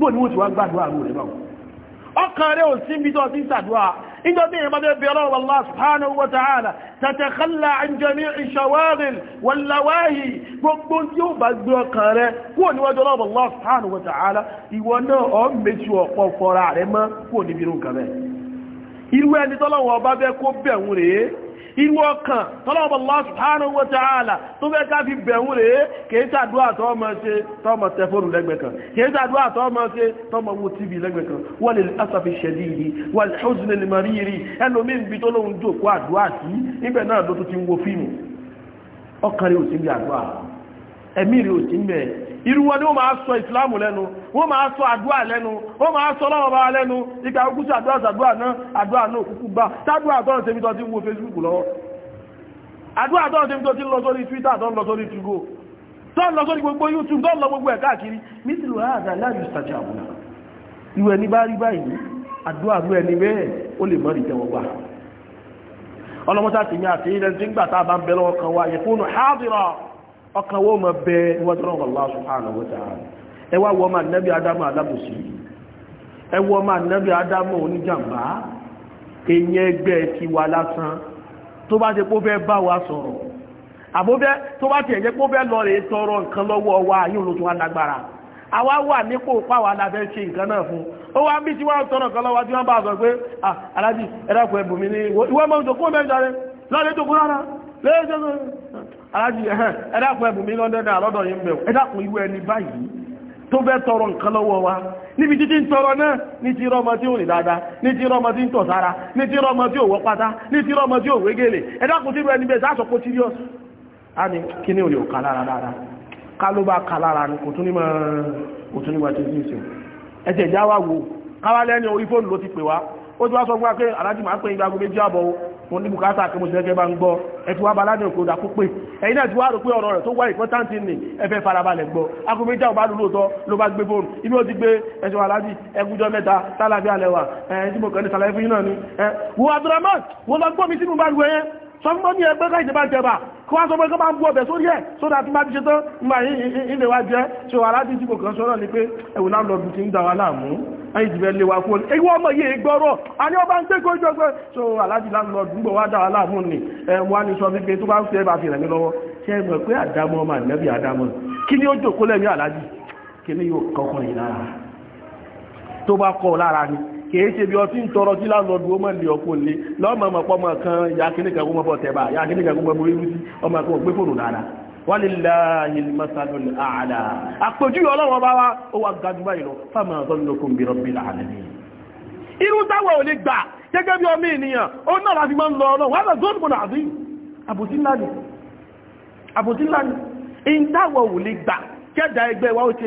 bóò ni wọ́n ti wá gbàdúrà rẹ̀ báwọn ọkàn rẹ̀ ò sí bí tó ti sàdúrà إذا به ما الله سبحانه وتعالى تتخلى عن جميع الشواغل واللواهي gbogbo tí ó bá gbé ọkàn rẹ kúrò níwájú ọlọ́bọ̀ Allah subhanahu wa ta'ala ìwọ náà ọ méjì ọ̀pọ̀ fọ́ra bẹ́ kó irú ọkàn tọ́lọ́wọ́ Allah subhanahu wa ta'ala tó fẹ́ fi bẹ̀rún rẹ̀ kìí sàdúrà tó ṣe tọ́mọ kan kìí sàdúrà tó ṣe tv lẹ́gbẹ̀ẹ́ kan wal asaf shadidi wal Wali mariri ti irú wọn ni wọ́n máa sọ ìsìláàmù lẹ́nu wọ́n máa sọ àdúà lẹ́nu wọ́n máa sọ lọ́wọ́ bá lẹ́nu ìgbà ogún sí àdúà sàdúà náà àdúà náà kúkú gbá sádúà tọ́rọ tẹ́mi tọ́ ti wo Facebook lọ́wọ́ àdúà tọ́rọ Twitter tọ́ lọ sórí Tugo tọ́ lọ YouTube tọ́ lọ gbogbo ẹ̀ káàkiri mísìlù àádà láàrin ìsàjà àbúrò irú ẹni bá rí báyìí àdúà rú ẹni bẹ́ẹ̀ ó lè mọ́ ìtẹ́wọ́ gbà ọlọ́mọ́sá ti ní àti ilẹ̀ tí ń gbà tá ń bẹ lọ́wọ́ kan wáyé ọkàn wọ́n mọ̀ bẹ wọ́tọ́rọ̀ Allah subhanahu wa ta'ala ẹ wá wọ́n máa nẹ́bí adamu alábòsí ẹ wọ́n máa nẹ́bí adamu oníjàmbá èyí ẹgbẹ́ ti wà lásán tó bá ti kó fẹ́ bá wa sọ̀rọ̀ àbúfẹ́ tó bá ti ẹ̀jẹ́ kó fẹ́ lọ rè tọrọ nǹkan lọ́wọ́ wa yóò ló tún wá lágbára àwa wà nípò páwa la fẹ́ ṣe nǹkan náà fún ó wá ń bí tí wọ́n tọrọ nǹkan lọ́wọ́ tí wọ́n bá sọ pé ah aláàjì ẹ̀dàkùn ẹ̀bùnmi ni ìwọ́n mọ́ aláàjì ẹ̀hẹ́n ẹ̀dàkùn ẹ̀bùn mi lọ́dẹ́dà lọ́dọ̀ yìí ń bẹ̀rù ẹ̀dàkùn irú ẹni báyìí tó fẹ́ tọrọ nǹkan lọ́wọ́ wa níbi títí ń tọrọ náà ní ti rọmọ tí ò rìn dáadáa ní ti rọmọ tí ń tọ̀ sára ní ti rọmọ tí ò wọ́ pátá ní ti rọmọ tí wé gèlè ẹ̀dàkùn ní kí ni ò kalára dáadáa ká ló bá kalára ni kò tún ní máa kò tún ní ti ní ìsìn ẹ̀jẹ̀ wa wò káwá lẹ́ni orí fóònù ló ti pè ti mo ní bùkátà kí mo ti gẹ́gẹ́ bá ń gbọ́ ẹtù wá baládé òkú òdà púpé ẹ̀yìn náà ti wá rò pé ọ̀rọ̀ rẹ̀ tó wá ìpọ́táǹtì nì ẹfẹ́ farabalẹ̀ gbọ́ aago méjì àwọn bá lù lóòótọ́ ló bá gbé fóònù ibi ó ti gbé ẹ̀sùn aláàjì ẹgújọ́ mẹ́ta tálàbí alẹ́wà ni wo abdulrahman wo lọ gbọ́ mi sínú bá lu ẹyẹn sọ fún mi ẹgbẹ́ káyìí bá jẹba kí wọ́n sọ pé kí wọ́n bú ọbẹ̀ sórí ẹ̀ sódà tí bá ẹ̀yìnjìbẹ̀ lè wà fún ẹgbẹ́ ọmọ yìí e gbọ́rọ̀ a ọba ń tẹ́ kó jọ pé so aláàjì láńlọ́dù ń bọ̀ wá dáwà láàmú ni ẹ̀wọ́n á ní sọ wípé tó bá ń fẹ́ bá fi rẹ̀ mí lọ́wọ́ ṣe mọ̀ pé àdámọ́ ọmọ ìnẹ́bí àdámọ́ kí ni ó jòkó lẹ́mí aláàjì kí ni yóò kọ́kọ́ yìí ni kìí ṣe bí ọtí ń tọrọ tí lè ọmọ kan bọ̀ walillahi masalul a'la àpòjú ọlọ́wọ́ bá wá ó wà gajúmọ́ ìlọ fama zannukum bi rabbil alamin irú táwọn ò lè gbà gẹ́gẹ́ bí ọmọ ènìyàn ó náà láti máa ń lọ ọlọ́wọ́ wà lọ́dún mọ̀nà àbí àbòsí ńlá ni ìntáwọ̀ ò lè gbà kẹ́dà ẹgbẹ́ wa ó ti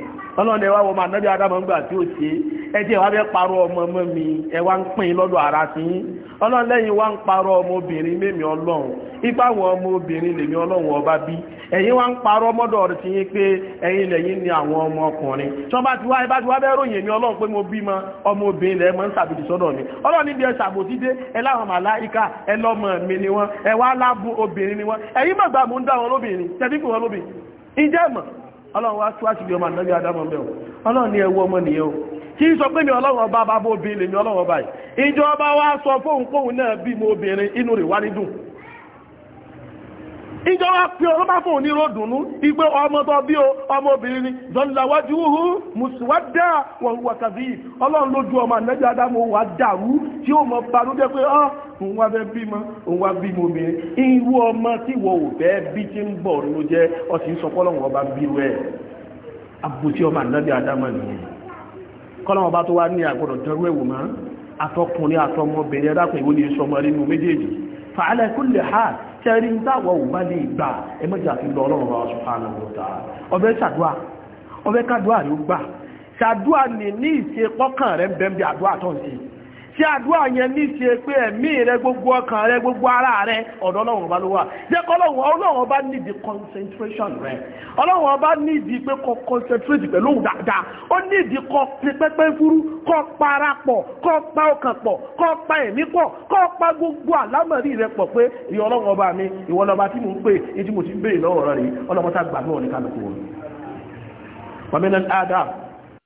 ọlọ́run ẹwà wọ́n máa nábí adámọ̀ ń gbà tí ó ṣe ẹjẹ́ ìwà bẹ́ parọ́ ọmọ mọ́ mi ẹwà ń pín lọ́dọ̀ ara sí ọlọ́run lẹ́yìn wá ń parọ́ ọmọbìnrin mẹ́mí ọlọ́run ipá wọn ọmọbìnrin lèmi ọlọ́run ọba bí ẹ̀yin wá ń parọ́ mọ́dọ̀ rẹ̀ sí yín pé ẹ̀yin lẹ́yìn ni àwọn ọmọ ọkùnrin tí wọ́n bá ti wá ibá ti wá bẹ́ẹ̀ ròyìn èmi ọlọ́run pé mo bímọ ọmọbìnrin lẹ́ mọ́ ń sàbòtì sọ́dọ̀ mi ọlọ́run níbi ẹ sàbòtì dé ẹ láwọn màláìka ẹ lọ́mọ mi ni wọ́n ẹ wá lábùn obìnrin ni wọ́n ẹ̀yin mọ̀gbà mò ń dá wọn lóbìnrin tẹ̀síkù wọn lóbìnrin ìjẹ́ mọ̀ ọlọ́run wá tó àti bí ọmọ ànábì adámọ̀ mẹ́wọ̀ ọlọ́run ní ẹwọ ọmọ nìyẹn o kí n sọ pé mi ọlọ́run ọba bá bó bí lèmi ọlọ́run ọba yìí ìjọba wá sọ fóun kóun náà bí mo obìnrin inú rẹ̀ wá ní dùn ìjọba pé ọlọ́bá fóun ní ròdùnú igbé ọmọ tó bí o ọmọbìnrin ni zọlìláwájú hù mùsùwádà wọn wà kàbí ọlọ́run lójú ọmọ ànábì òun wá fẹ́ bímọ òun wá bímọ obìnrin irú ọmọ tí wọ́n ò fẹ́ bí ti ń bọ̀ ló jẹ́ ọtí ń sọ kọ́lọ́wọ́n ọba bí rẹ̀ àbùtí ọmọ ànábì àdámọ̀ nìyẹn kọ́lọ́wọ́n ọba tó wá ní àgbọ̀dọ̀ dọ́rú ẹ̀wò mọ́ atọ́kùnrin àtọmọbìnrin ẹ̀dá pẹ̀lú ní sọmọ nínú méjèèjì fàálẹ̀ kúlẹ̀ ha tẹ́rí ń dáwọ̀ ò bá lè gbà ẹmọ́jà fi lọ ọlọ́run ọ̀rọ̀ subhanahu wa ta'ala ọbẹ̀ ṣàdúà ọbẹ̀ kádùà rí ó gbà ṣàdúà ní ní ìṣe pọ́kàn rẹ̀ bẹ́ẹ̀ àdúà tó ń ṣe tí àdúrà yẹn ní ṣe pé ẹ̀mí rẹ gbogbo ọkàn rẹ gbogbo ara rẹ ọ̀dọ̀ ọlọ́run ọba ló wà jẹ́ kọ́ ọlọ́run ọba need the concentration rẹ ọlọ́run ọba need pé kọ́ concentrate pẹ̀lú dáadáa ó need kọ́ kọ́ kọ́ pa ọkàn gbogbo àlámọ̀rí rẹ pọ̀ pé ìyọ ọlọ́run ọba mi ìwọ tí ń pè mo ti ń béèrè lọ́wọ́ ní